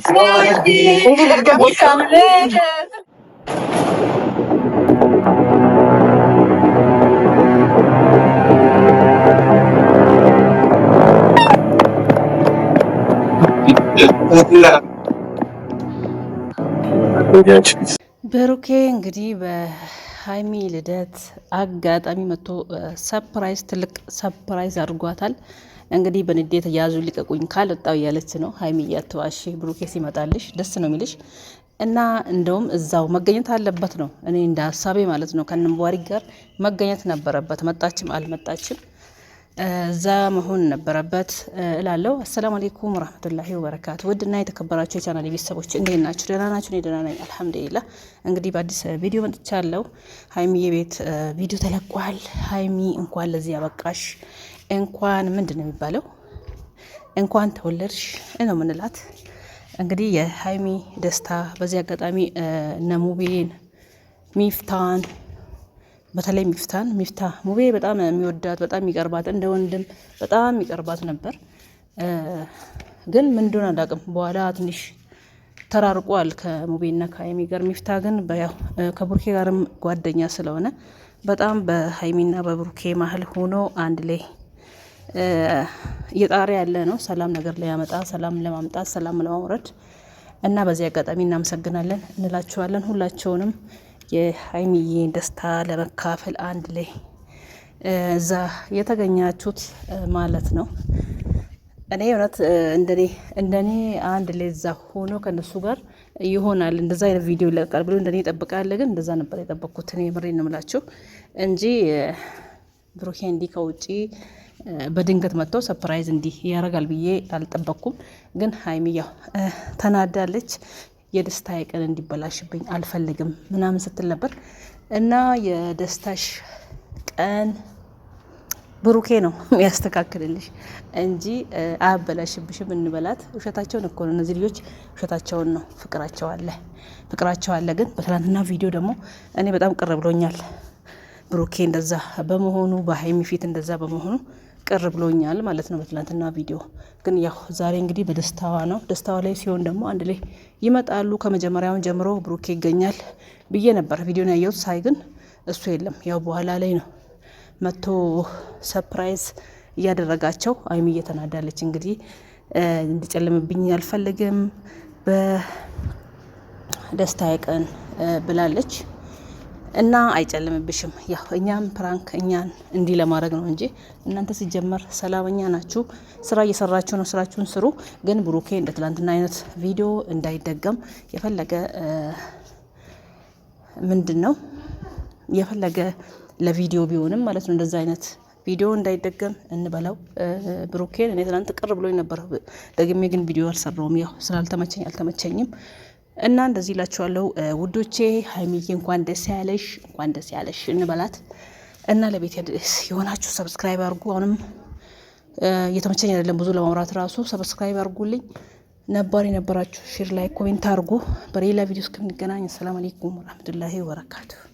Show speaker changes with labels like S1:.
S1: ብሩኬ እንግዲህ በሀይሚ ልደት አጋጣሚ መጥቶ ሰፕራይዝ ትልቅ ሰፕራይዝ አድርጓታል። እንግዲህ በንዴት ያዙ ሊቀቁኝ ካልወጣው እያለች ነው ሀይሚ እያተዋሽ ብሩኬ ሲመጣልሽ ደስ ነው የሚልሽ እና እንደውም እዛው መገኘት አለበት ነው እኔ እንደ ሀሳቤ ማለት ነው። ከነምቧሪ ጋር መገኘት ነበረበት። መጣችም አልመጣችም እዛ መሆን ነበረበት እላለሁ። አሰላሙ አሌይኩም ወረህመቱላሂ ወበረካቱ። ውድና የተከበራችሁ የቻናል ቤተሰቦች እንዴት ናችሁ? ደህና ናችሁ? እኔ ደህና ነኝ አልሐምዱሊላህ። እንግዲህ በአዲስ ቪዲዮ መጥቻለሁ። ሀይሚ የቤት ቪዲዮ ተለቋል። ሀይሚ እንኳን ለዚህ ያበቃሽ፣ እንኳን ምንድን ነው የሚባለው እንኳን ተወለድሽ ነው ምንላት። እንግዲህ የሀይሚ ደስታ በዚህ አጋጣሚ ነሙቤን ሚፍታን በተለይ ሚፍታን ሚፍታ ሙቤ በጣም የሚወዳት በጣም የሚቀርባት እንደ ወንድም በጣም የሚቀርባት ነበር። ግን ምን እንደሆነ አላውቅም። በኋላ ትንሽ ተራርቋል ከሙቤና ከሀይሚ ጋር። ሚፍታ ግን ከቡርኬ ጋርም ጓደኛ ስለሆነ በጣም በሀይሚና በቡርኬ መሀል ሆኖ አንድ ላይ እየጣረ ያለ ነው። ሰላም ነገር ሊያመጣ ሰላም ለማምጣት ሰላም ለማውረድ እና በዚህ አጋጣሚ እናመሰግናለን እንላችኋለን ሁላቸውንም የሀይሚዬን ደስታ ለመካፈል አንድ ላይ እዛ የተገኛችሁት ማለት ነው። እኔ እውነት እንደኔ እንደኔ አንድ ላይ እዛ ሆኖ ከነሱ ጋር ይሆናል እንደዛ አይነት ቪዲዮ ይለቃል ብሎ እንደኔ ይጠብቃል። ግን እንደዛ ነበር የጠበቅኩት እኔ ምሬ ነው እንጂ ብሩኬ እንዲህ ከውጪ በድንገት መጥቶ ሰፕራይዝ እንዲህ ያደርጋል ብዬ አልጠበቅኩም። ግን ሀይሚ ያው ተናዳለች። የደስታዬ ቀን እንዲበላሽብኝ አልፈልግም ምናምን ስትል ነበር እና የደስታሽ ቀን ብሩኬ ነው የሚያስተካክልልሽ እንጂ አያበላሽብሽም እንበላት። ውሸታቸውን እኮ ነው እነዚህ ልጆች ውሸታቸውን ነው። ፍቅራቸው አለ ፍቅራቸው አለ። ግን በትናንትና ቪዲዮ ደግሞ እኔ በጣም ቅር ብሎኛል ብሩኬ እንደዛ በመሆኑ በሀይሚ ፊት እንደዛ በመሆኑ ቅር ብሎኛል ማለት ነው በትላንትና ቪዲዮ። ግን ያው ዛሬ እንግዲህ በደስታዋ ነው። ደስታዋ ላይ ሲሆን ደግሞ አንድ ላይ ይመጣሉ። ከመጀመሪያውን ጀምሮ ብሩኬ ይገኛል ብዬ ነበር ቪዲዮን ያየሁት። ሳይ ግን እሱ የለም። ያው በኋላ ላይ ነው መቶ ሰፕራይዝ እያደረጋቸው። አይሚ እየተናዳለች እንግዲህ እንዲጨልምብኝ አልፈልግም በደስታ ቀን ብላለች። እና አይጨልምብሽም። ያው እኛም ፕራንክ እኛን እንዲህ ለማድረግ ነው እንጂ እናንተ ሲጀመር ሰላመኛ ናችሁ፣ ስራ እየሰራችሁ ነው፣ ስራችሁን ስሩ። ግን ብሩኬ እንደ ትላንትና አይነት ቪዲዮ እንዳይደገም የፈለገ ምንድን ነው የፈለገ ለቪዲዮ ቢሆንም ማለት ነው እንደዚ አይነት ቪዲዮ እንዳይደገም እንበለው። ብሩኬን እኔ ትናንት ቅር ብሎኝ ነበር፣ ደግሜ ግን ቪዲዮ አልሰራውም። ያው ስላልተመቸኝ አልተመቸኝም እና እንደዚህ እላችኋለሁ ውዶቼ። ሀይሚዬ እንኳን ደስ ያለሽ፣ እንኳን ደስ ያለሽ እንበላት እና ለቤት የሆናችሁ ሰብስክራይብ አርጉ። አሁንም እየተመቸኝ አይደለም ብዙ ለማውራት ራሱ ሰብስክራይብ አርጉልኝ። ነባር የነበራችሁ ሼር ላይ ኮሜንት አርጉ። በሌላ ቪዲዮ እስከምንገናኝ አሰላም አሌይኩም ወረህመቱላሂ ወበረካቱሁ።